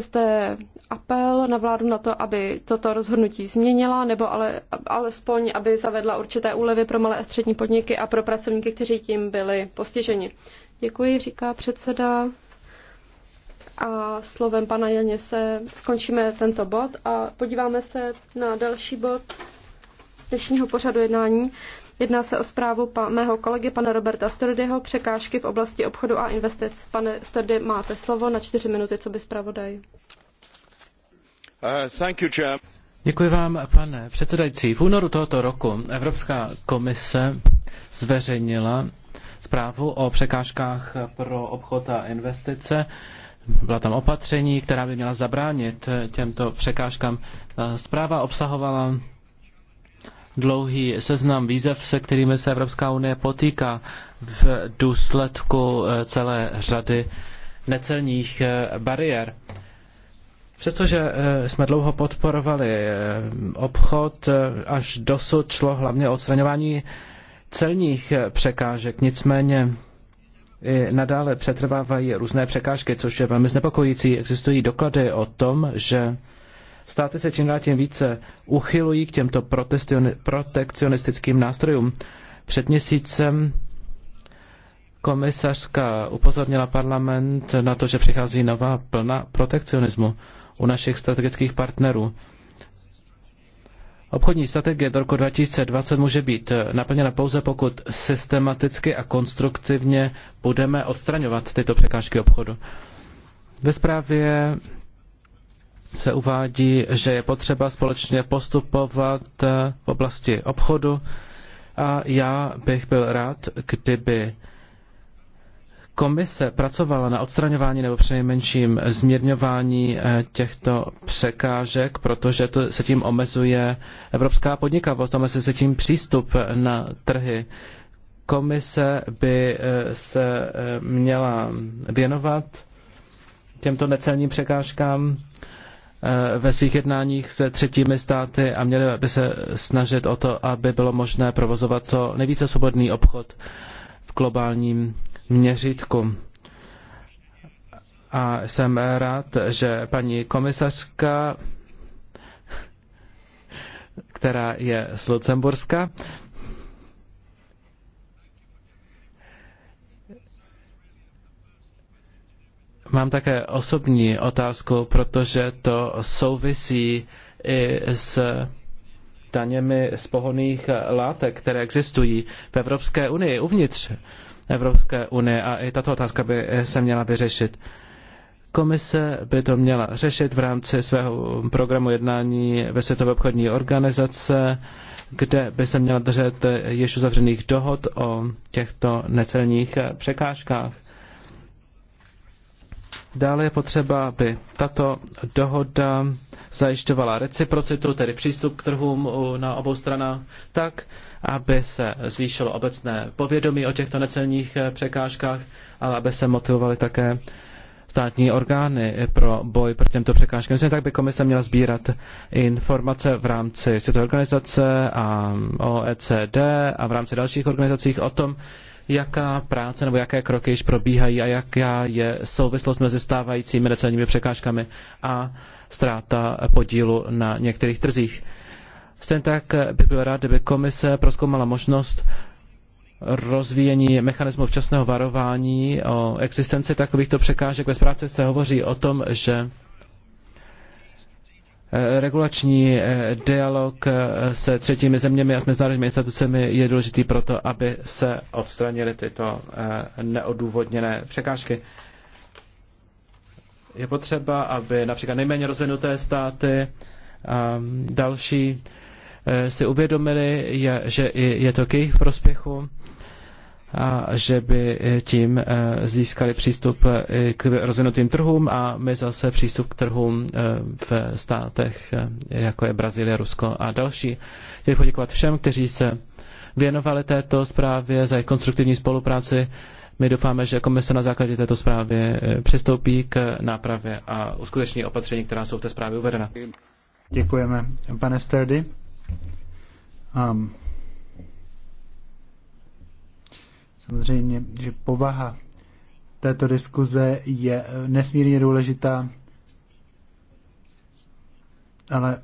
jste apel na vládu na to, aby toto rozhodnutí změnila, nebo ale, alespoň, aby zavedla určité úlevy pro malé a střední podniky a pro pracovníky, kteří tím byli postiženi. Děkuji, říká předseda. A slovem pana Janě se skončíme tento bod a podíváme se na další bod dnešního pořadu jednání. Jedná se o zprávu pa, mého kolegy, pana Roberta Stordyho, překážky v oblasti obchodu a investic. Pane Stordy, máte slovo na čtyři minuty, co by zpravodaj. Uh, thank you, chair. Děkuji vám, pane předsedající. V únoru tohoto roku Evropská komise zveřejnila zprávu o překážkách pro obchod a investice. Byla tam opatření, která by měla zabránit těmto překážkám. Zpráva obsahovala dlouhý seznam výzev, se kterými se Evropská unie potýká v důsledku eh, celé řady necelních eh, bariér. Přestože eh, jsme dlouho podporovali obchod, až dosud šlo hlavně o odstraňování celních překážek, nicméně i nadále přetrvávají různé překážky, což je velmi znepokojící. Existují doklady o tom, že Státy se čím dál tím více uchylují k těmto protekcionistickým nástrojům. Před měsícem komisařka upozornila parlament na to, že přichází nová plna protekcionismu u našich strategických partnerů. Obchodní strategie do roku 2020 může být naplněna pouze, pokud systematicky a konstruktivně budeme odstraňovat tyto překážky obchodu. Ve zprávě se uvádí, že je potřeba společně postupovat eh, v oblasti obchodu a já bych byl rád, kdyby komise pracovala na odstraňování nebo přinejmenším zmírňování eh, těchto překážek, protože to se tím omezuje evropská podnikavost, omezuje se tím přístup na trhy. Komise by eh, se měla věnovat těmto necelním překážkám Eh, ve svých jednáních se třetími státy a měli by se snažit o to, aby bylo možné provozovat co nejvíce svobodný obchod v globálním měřítku. A jsem rád, že paní komisařka, která je z Lucemburska, Mám také osobní otázku, protože to souvisí i s daněmi z pohoných látek, které existují v Evropské unii, uvnitř Evropské unie a i tato otázka by se měla vyřešit. Komise by to měla řešit v rámci svého programu jednání ve Světové obchodní organizace, kde by se měla držet již uzavřených dohod o těchto necelních překážkách. Dále je potřeba, aby tato dohoda zajišťovala reciprocitu, tedy přístup k trhům na obou stranách, tak, aby se zvýšilo obecné povědomí o těchto necelních eh, překážkách, ale aby se motivovaly také státní orgány pro boj proti těmto překážkám. Myslím, tak by komise měla sbírat informace v rámci světové organizace a OECD a v rámci dalších organizací o tom, jaká práce nebo jaké kroky již probíhají a jaká je souvislost mezi stávajícími necelními překážkami a ztráta podílu na některých trzích. Stejně tak bych byl rád, kdyby komise proskoumala možnost rozvíjení mechanismu včasného varování o existenci takovýchto překážek. Ve zprávce se hovoří o tom, že Eh, regulační eh, dialog eh, se třetími zeměmi a s mezinárodními institucemi je důležitý proto, aby se odstranily tyto neodůvodněné překážky. Je potřeba, aby například nejméně rozvinuté státy a další si uvědomili, že je to k jejich prospěchu a že by eh, tím eh, získali přístup eh, k rozvinutým trhům a my zase přístup k trhům v státech, jako je Brazílie, Rusko a další. Chtěl bych poděkovat všem, kteří se věnovali této zprávě za jejich konstruktivní spolupráci. My doufáme, že komise na základě této zprávy přistoupí k nápravě a uskuteční opatření, která jsou v té zprávě uvedena. Děkujeme. Pane Sterdy. Um. Samozřejmě, že povaha této diskuze je eh, nesmírně důležitá, ale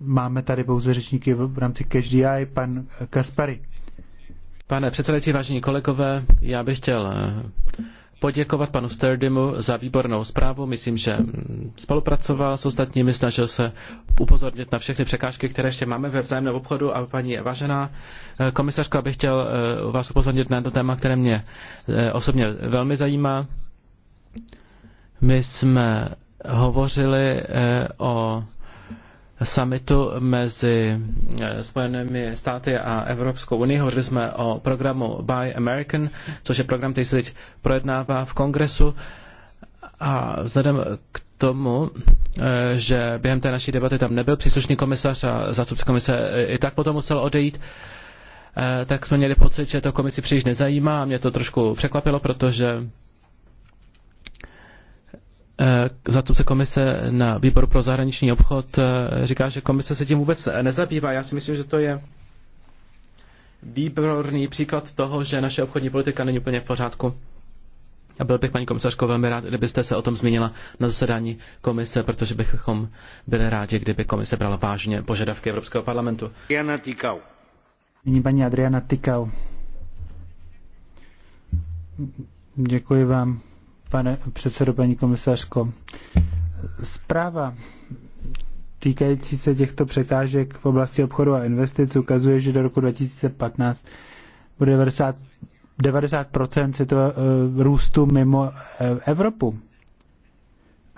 máme tady pouze řečníky v rámci i pan Kaspary. Pane předsedající, vážení kolegové, já bych chtěl eh, poděkovat panu Sturdymu za výbornou zprávu. Myslím, že spolupracoval s ostatními, snažil se upozornit na všechny překážky, které ještě máme ve vzájemném obchodu. A paní vážená eh, komisařko, abych chtěl eh, vás upozornit na to téma, které mě eh, osobně velmi zajímá. My jsme hovořili o summitu mezi eh, Spojenými státy a Evropskou unii. Hovořili jsme o programu Buy American, což je program, který se teď projednává v kongresu. A vzhledem k tomu, eh, že během té naší debaty tam nebyl příslušný komisař a zástupce komise eh, i tak potom musel odejít, tak jsme měli pocit, že to komisi příliš nezajímá a mě to trošku překvapilo, protože Eh, zástupce komise na výboru pro zahraniční obchod eh, říká, že komise se tím vůbec eh, nezabývá. Já si myslím, že to je výborný příklad toho, že naše obchodní politika není úplně v pořádku. A byl bych, paní komisařko, velmi rád, kdybyste se o tom zmínila na zasedání komise, protože bychom byli rádi, kdyby komise brala vážně požadavky Evropského parlamentu. Adriana Tikau. Nyní paní Adriana Tikau. Děkuji vám, pane předsedo, paní komisařko. Zpráva týkající se těchto překážek v oblasti obchodu a investic ukazuje, že do roku 2015 bude 90, 90 světového růstu mimo eh, Evropu.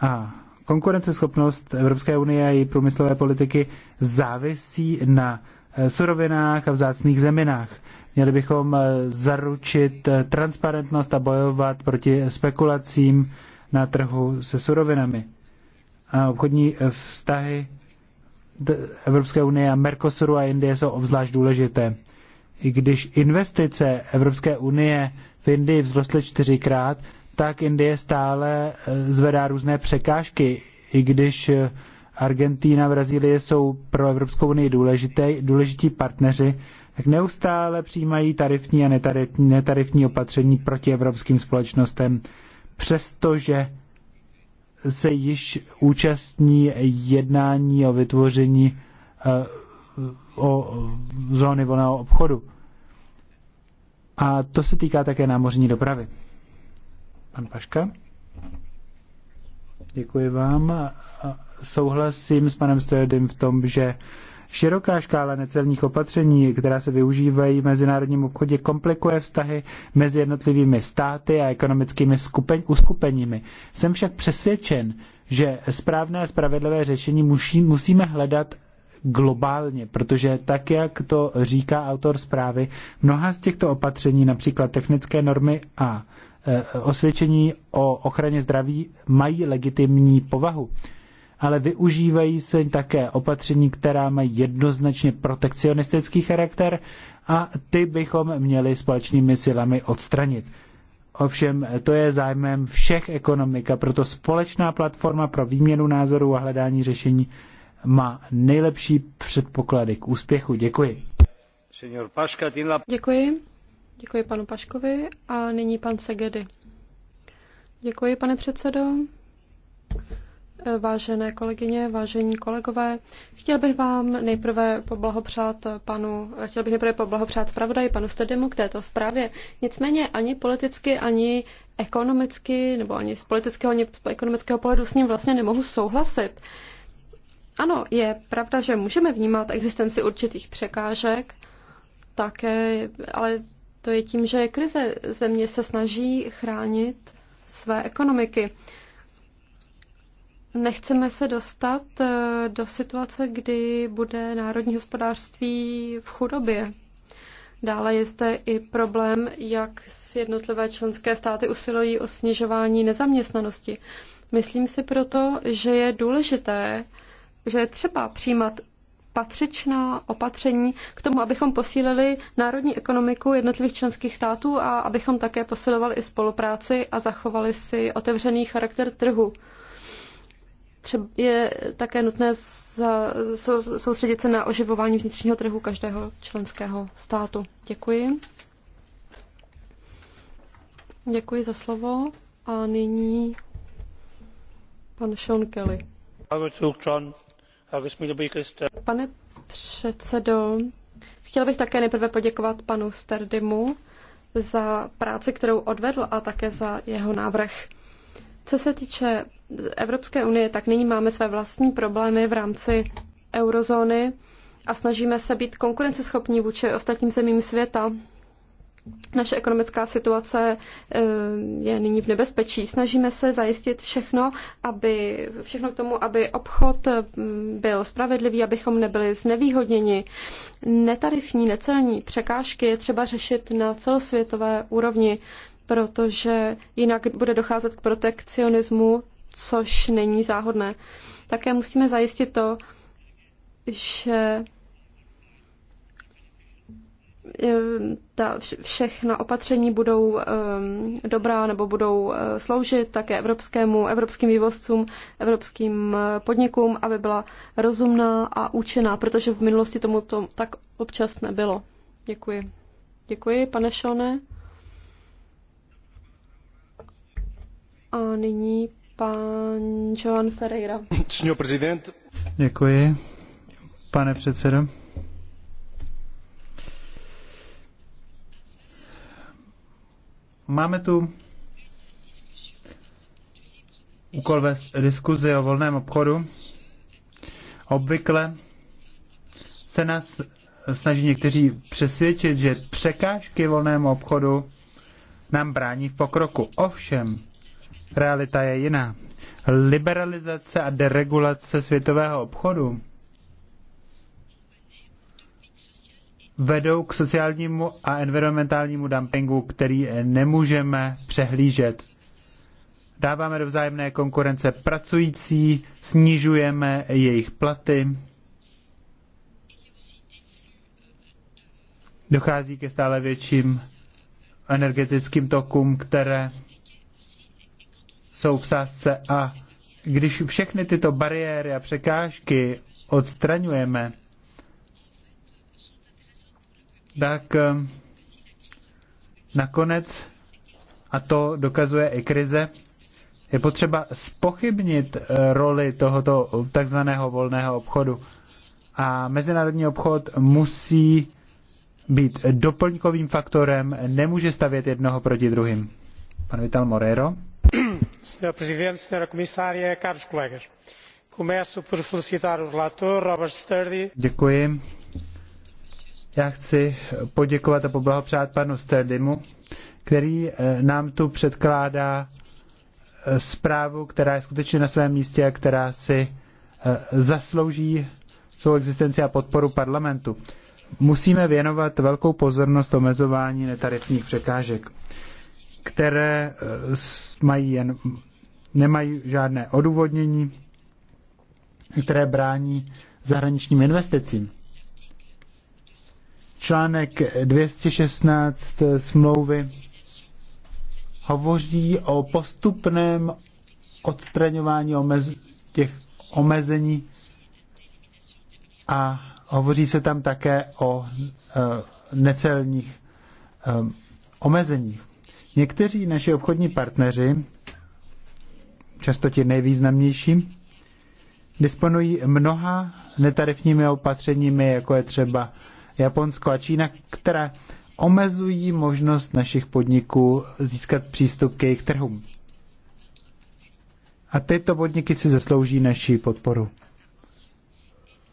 A konkurenceschopnost Evropské unie a její průmyslové politiky závisí na eh, surovinách a vzácných zeminách. Měli bychom eh, zaručit eh, transparentnost a bojovat proti spekulacím na trhu se surovinami. A obchodní eh, vztahy Evropské unie a Mercosuru a Indie jsou obzvlášť důležité. I když investice Evropské unie v Indii vzrostly čtyřikrát, tak Indie stále zvedá různé překážky, i když Argentína, Brazílie jsou pro Evropskou unii důležité, důležití partneři tak neustále přijímají tarifní a netarifní, opatření proti evropským společnostem, přestože se již účastní jednání o vytvoření eh, o zóny volného obchodu. A to se týká také námořní dopravy. Pan Paška? Děkuji vám. Souhlasím s panem Stojedem v tom, že Široká škála necelních opatření, která se využívají v mezinárodním obchodě, komplikuje vztahy mezi jednotlivými státy a ekonomickými skupeň, uskupeními. Jsem však přesvědčen, že správné a spravedlivé řešení musí, musíme hledat globálně, protože tak, jak to říká autor zprávy, mnoha z těchto opatření, například technické normy a e, osvědčení o ochraně zdraví, mají legitimní povahu ale využívají se také opatření, která mají jednoznačně protekcionistický charakter a ty bychom měli společnými silami odstranit. Ovšem, to je zájmem všech ekonomik a proto společná platforma pro výměnu názorů a hledání řešení má nejlepší předpoklady k úspěchu. Děkuji. Děkuji. Děkuji panu Paškovi a nyní pan Segedy. Děkuji, pane předsedo. Vážené kolegyně, vážení kolegové, chtěl bych vám nejprve poblahopřát panu, chtěl bych nejprve poblahopřát zpravodaji panu Stedemu k této zprávě. Nicméně ani politicky, ani ekonomicky, nebo ani z politického, ani z ekonomického pohledu s ním vlastně nemohu souhlasit. Ano, je pravda, že můžeme vnímat existenci určitých překážek, také, ale to je tím, že krize země se snaží chránit své ekonomiky. Nechceme se dostat eh, do situace, kdy bude národní hospodářství v chudobě. Dále je zde i problém, jak jednotlivé členské státy usilují o snižování nezaměstnanosti. Myslím si proto, že je důležité, že je třeba přijímat patřičná opatření k tomu, abychom posílili národní ekonomiku jednotlivých členských států a abychom také posilovali i spolupráci a zachovali si otevřený charakter trhu třeba je také nutné soustředit se na oživování vnitřního trhu každého členského státu. Děkuji. Děkuji za slovo. A nyní pan Sean Kelly. Pane předsedo, chtěl bych také nejprve poděkovat panu Sterdimu za práci, kterou odvedl a také za jeho návrh. Co se týče Evropské unie, tak nyní máme své vlastní problémy v rámci eurozóny a snažíme se být konkurenceschopní vůči ostatním zemím světa. Naše ekonomická situace eh, je nyní v nebezpečí. Snažíme se zajistit všechno, aby, všechno k tomu, aby obchod eh, byl spravedlivý, abychom nebyli znevýhodněni. Netarifní, necelní překážky je třeba řešit na celosvětové úrovni, protože jinak bude docházet k protekcionismu což není záhodné. Také musíme zajistit to, že ehm, ta všechna opatření budou ehm, dobrá nebo budou eh, sloužit také evropskému, evropským vývozcům, evropským eh, podnikům, aby byla rozumná a účinná, protože v minulosti tomu to tak občas nebylo. Děkuji. Děkuji, pane Šone. A nyní Pan Joan Ferreira. Senhor prezident. Děkuji, pane předsedo. Máme tu úkol vést diskuzi o volném obchodu. Obvykle se nás snaží někteří přesvědčit, že překážky volnému obchodu nám brání v pokroku. Ovšem, realita je jiná. Liberalizace a deregulace světového obchodu vedou k sociálnímu a environmentálnímu dumpingu, který nemůžeme přehlížet. Dáváme do vzájemné konkurence pracující, snižujeme jejich platy. Dochází ke stále větším energetickým tokům, které jsou v sásce a když všechny tyto bariéry a překážky odstraňujeme, tak eh, nakonec, a to dokazuje i krize, je potřeba spochybnit eh, roli tohoto takzvaného volného obchodu. A mezinárodní obchod musí být doplňkovým faktorem, nemůže stavět jednoho proti druhým. Pan Vital Morero senhor presidente senhora comissária caros colegas começo por felicitar o relator robert sturdy. Děkuji. Já chci poděkovat a poblahopřát panu Sturdymu, který eh, nám tu předkládá eh, zprávu, která je skutečně na svém místě a která si eh, zaslouží svou existenci a podporu parlamentu. Musíme věnovat velkou pozornost omezování netarifních překážek které eh, mají jen, nemají žádné odůvodnění, které brání zahraničním investicím. Článek 216 eh, smlouvy hovoří o postupném odstraňování omez, těch omezení a hovoří se tam také o e, necelních e, omezeních. Někteří naši obchodní partneři, často ti nejvýznamnější, disponují mnoha netarifními opatřeními, jako je třeba Japonsko a Čína, která omezují možnost našich podniků získat přístup k jejich trhům. A tyto podniky si zaslouží naší podporu.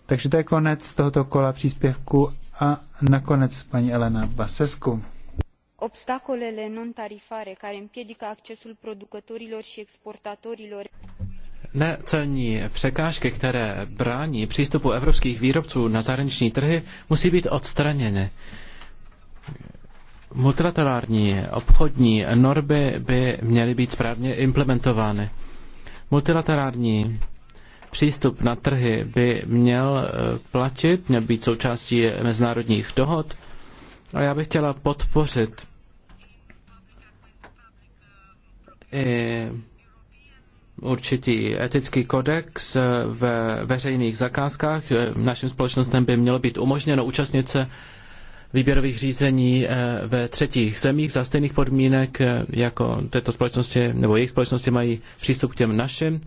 Takže to je konec tohoto kola příspěvku a nakonec paní Elena Basesku obstacolele non tarifare care împiedică accesul producătorilor i exportatorilor Necelní překážky, které brání přístupu evropských výrobců na zahraniční trhy, musí být odstraněny. Multilaterální obchodní normy by měly být správně implementovány. Multilaterální přístup na trhy by měl eh, platit, měl být součástí mezinárodních dohod a já bych chtěla podpořit i určitý etický kodex ve veřejných zakázkách. Našim společnostem by mělo být umožněno účastnit se výběrových řízení eh, ve třetích zemích za stejných podmínek, eh, jako této společnosti nebo jejich společnosti mají přístup k těm našim.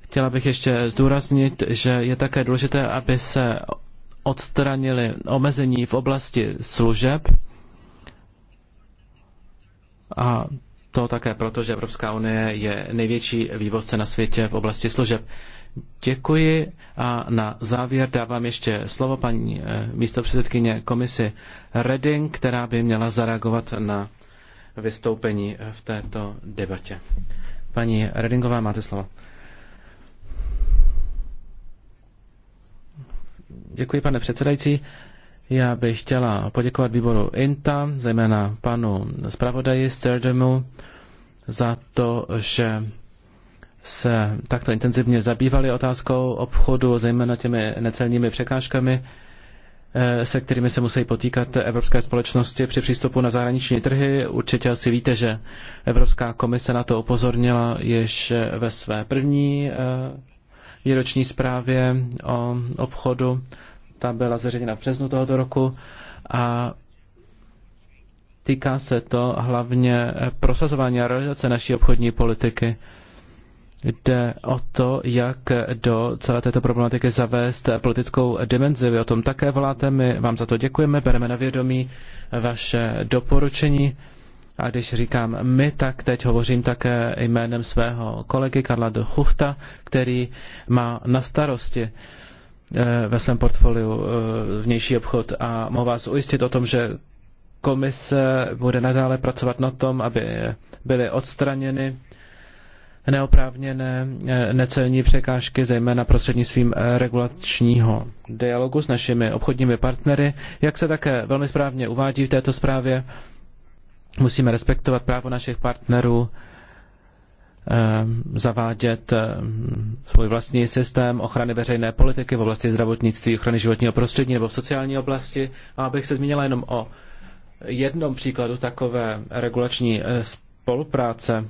Chtěla bych ještě zdůraznit, že je také důležité, aby se odstranili omezení v oblasti služeb a to také proto, že Evropská unie je největší vývozce na světě v oblasti služeb. Děkuji a na závěr dávám ještě slovo paní eh, místopředsedkyně komisi Reding, která by měla zareagovat na vystoupení v této debatě. Paní Redingová, máte slovo. Děkuji, pane předsedající. Já bych chtěla poděkovat výboru INTA, zejména panu zpravodaji Sterdemu, za to, že se takto intenzivně zabývali otázkou obchodu, zejména těmi necelními překážkami, eh, se kterými se musí potýkat evropské společnosti při přístupu na zahraniční trhy. Určitě asi víte, že Evropská komise na to upozornila již ve své první eh, výroční zprávě o obchodu. Ta byla zveřejněna v březnu tohoto roku a týká se to hlavně prosazování a realizace naší obchodní politiky. Jde o to, jak do celé této problematiky zavést politickou dimenzi. Vy o tom také voláte, my vám za to děkujeme, bereme na vědomí vaše doporučení. A když říkám my, tak teď hovořím také jménem svého kolegy Karla de Chuchta, který má na starosti eh, ve svém portfoliu eh, vnější obchod a mohu vás ujistit o tom, že komise bude nadále pracovat na tom, aby byly odstraněny neoprávněné eh, necelní překážky, zejména prostřednictvím regulačního dialogu s našimi obchodními partnery. Jak se také velmi správně uvádí v této zprávě, Musíme respektovat právo našich partnerů ehm, zavádět ehm, svůj vlastní systém ochrany veřejné politiky v oblasti zdravotnictví, ochrany životního prostředí nebo v sociální oblasti. A abych se zmínila jenom o jednom příkladu takové regulační eh, spolupráce,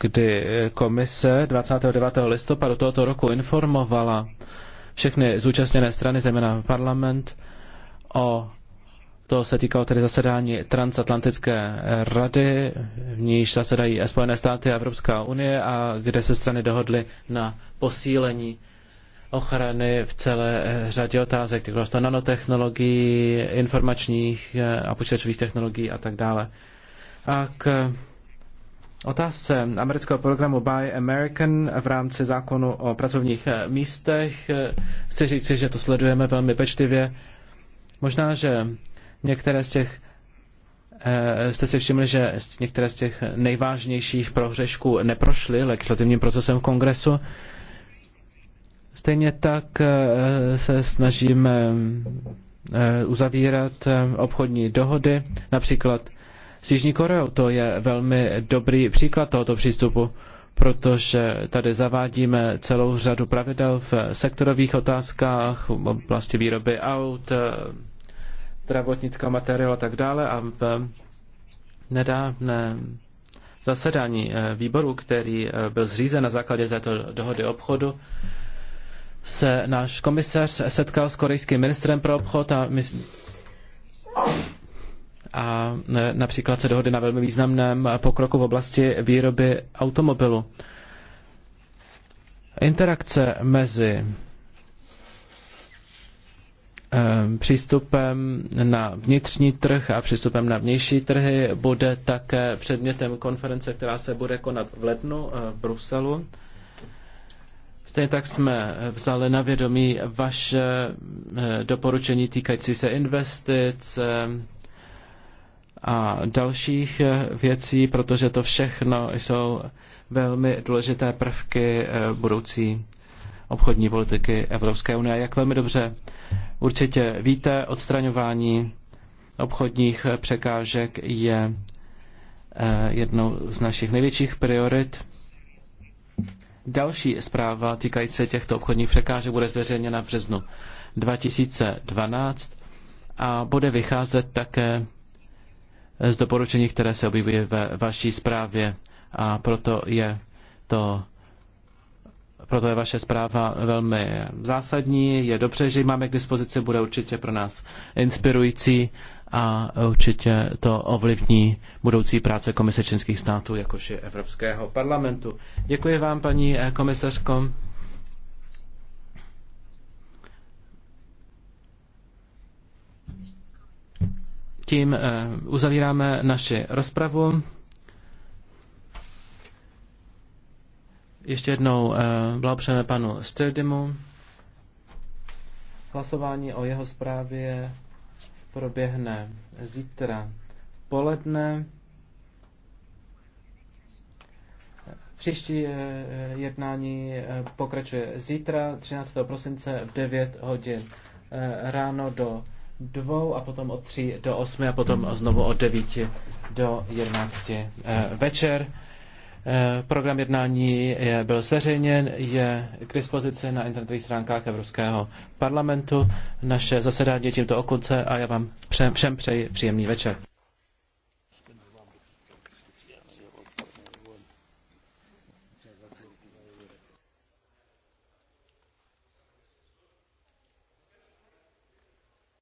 kdy komise 29. listopadu tohoto roku informovala všechny zúčastněné strany, zejména parlament, o to se týkalo tedy zasedání Transatlantické rady, v níž zasedají Spojené státy a Evropská unie a kde se strany dohodly na posílení ochrany v celé řadě otázek, jako to nanotechnologií, informačních a počítačových technologií a tak dále. A k otázce amerického programu Buy American v rámci zákonu o pracovních eh, místech eh, chci říci, že to sledujeme velmi pečlivě. Možná, že některé z těch eh, jste si všimli, že některé z těch nejvážnějších prohřešků neprošly legislativním procesem v kongresu. Stejně tak se snažíme uzavírat obchodní dohody, například s Jižní Koreou. To je velmi dobrý příklad tohoto přístupu, protože tady zavádíme celou řadu pravidel v sektorových otázkách, v oblasti výroby aut, zdravotnického materiálu a tak dále a v nedávném zasedání eh, výboru, který eh, byl zřízen na základě této dohody obchodu, se náš komisař setkal s korejským ministrem pro obchod a my, a e, například se dohody na velmi významném pokroku v oblasti výroby automobilu. Interakce mezi e, přístupem na vnitřní trh a přístupem na vnější trhy bude také předmětem konference, která se bude konat v lednu e, v Bruselu. Stejně tak jsme vzali na vědomí vaše doporučení týkající se investic, a dalších eh, věcí, protože to všechno jsou velmi důležité prvky eh, budoucí obchodní politiky Evropské unie. Jak velmi dobře určitě víte, odstraňování obchodních překážek je eh, jednou z našich největších priorit. Další zpráva týkající se těchto obchodních překážek bude zveřejněna v březnu 2012 a bude vycházet také z doporučení, které se objevuje ve vaší zprávě a proto je to proto je vaše zpráva velmi zásadní. Je dobře, že ji máme k dispozici, bude určitě pro nás inspirující a určitě to ovlivní budoucí práce Komise členských států, jakož i Evropského parlamentu. Děkuji vám, paní komisařko. Tím eh, uzavíráme naši rozpravu. Ještě jednou eh, blahopřejeme panu Sturdymu. Hlasování o jeho zprávě proběhne zítra poledne. Příští eh, jednání pokračuje zítra 13. prosince v 9 hodin ráno do dvou a potom od tří do osmi a potom znovu od devíti do jedenácti eh, večer. Eh, program jednání je, byl zveřejněn, je k dispozici na internetových stránkách Evropského parlamentu. Naše zasedání je tímto okunce a já vám všem přeji příjemný večer.